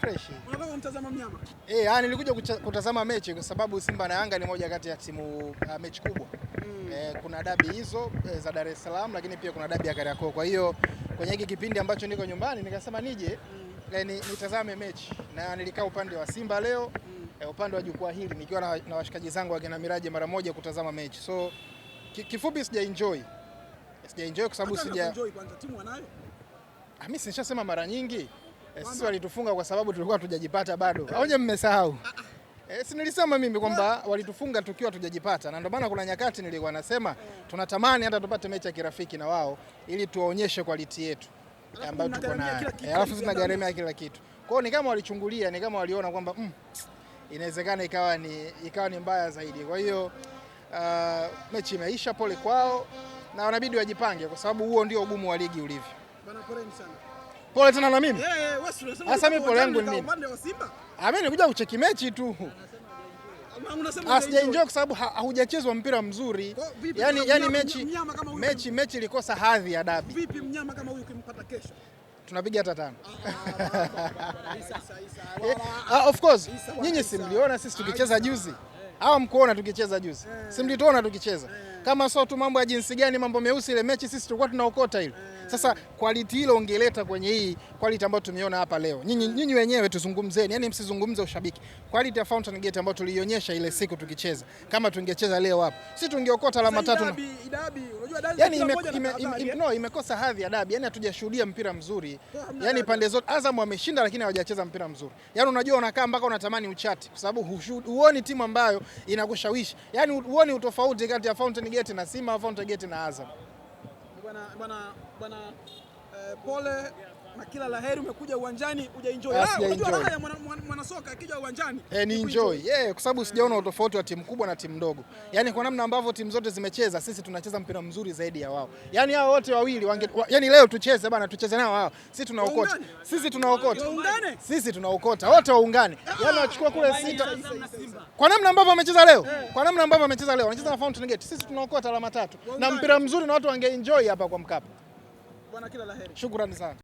Fresh. Unataka kumtazama mnyama? Eh, ah, nilikuja kutazama mechi kwa sababu Simba na Yanga ni moja kati ya timu uh, mechi kubwa. Mm. Eh, kuna dabi hizo eh, za Dar es Salaam lakini pia kuna dabi ya Kariakoo. Kwa hiyo kwenye hiki kipindi ambacho niko nyumbani nikasema nije mm. Eh, nitazame mechi na nilikaa upande wa Simba leo mm. eh, upande wa jukwaa hili nikiwa na, na washikaji zangu wakina Miraji mara moja kutazama mechi. So kifupi sija enjoy. Sija enjoy kwa sababu sija enjoy kwanza timu wanayo. Ah, mimi nishasema mara nyingi Eh, sisi walitufunga kwa sababu tulikuwa hatujajipata bado. Aonye, mmesahau E, si nilisema mimi kwamba walitufunga tukiwa tujajipata, na ndio maana kuna nyakati nilikuwa nasema tunatamani hata tupate mechi ya kirafiki na wao ili tuwaonyeshe kwaliti yetu ambayo tuko nayo, eh, alafu tunagharamia kila kitu. Kwa hiyo ni kama walichungulia, ni kama waliona kwamba mm, inawezekana ikawa ni, ikawa ni mbaya zaidi. Kwa hiyo uh, mechi imeisha, pole kwao, na wanabidi wajipange kwa sababu huo ndio ugumu wa ligi ulivyo. Bana, poleni sana. Pole tena na mimi. Sasa mimi pole yangu ni mimi. Mimi nilikuja kucheki mechi tu. Asijaenjoy kwa sababu haujachezwa mpira mzuri. Yaani yaani mechi mechi mechi ilikosa hadhi ya dabi. Vipi mnyama kama huyu ukimpata kesho? Tunapiga hata tano. Of course, nyinyi simliona sisi tukicheza juzi hawa mkuona tukicheza juzi eh? si mlituona tukicheza eh? kama sio tu mambo ya jinsi gani, mambo meusi, ile mechi sisi tulikuwa tunaokota ile eh? Sasa quality hilo ungeleta kwenye hii quality ambayo tumeona hapa leo. Nyinyi eh. nyinyi wenyewe tuzungumzeni, yani msizungumze ushabiki. Quality ya Fountain Gate ambayo tulionyesha ile siku tukicheza, kama tungecheza leo hapa sisi tungeokota alama tatu. na... idabi, Yani ime, ime, ime, eh? ime, no, imekosa hadhi ya dabi, yani hatujashuhudia mpira mzuri yani pande zote. Azam wameshinda, lakini hawajacheza mpira mzuri. Yani unajua unakaa mpaka unatamani uchati, kwa sababu huoni timu ambayo inakushawishi. Yani huoni utofauti kati ya Fountain Gate na Simba, Fountain Gate na Azam. Bwana bwana bwana eh, pole na kila laheri umekuja uwanjani uja ujaenjoy. Ah, ah, unajua raha ya mwana na soka akija uwanjani eh, ni enjoy yeah, kwa sababu sijaona yeah. utofauti wa timu kubwa na timu ndogo. yeah. Yaani kwa namna ambavyo timu zote zimecheza, sisi tunacheza mpira mzuri zaidi ya wao. yeah. Yaani hao wote wawili wange, yeah. wa, yani leo tucheze bana, tucheze nao hao. Sisi tunaokota. Sisi tunaokota. Sisi tunaokota. Wote waungane. Yaani wachukua kule sita. Kwa namna ambavyo wamecheza leo. Eh. Kwa namna ambavyo wamecheza leo. Wanacheza na Fountain Gate. Sisi tunaokota alama tatu. Na mpira mzuri na watu wange enjoy hapa kwa Mkapa. Bwana, kila la heri. Shukrani sana.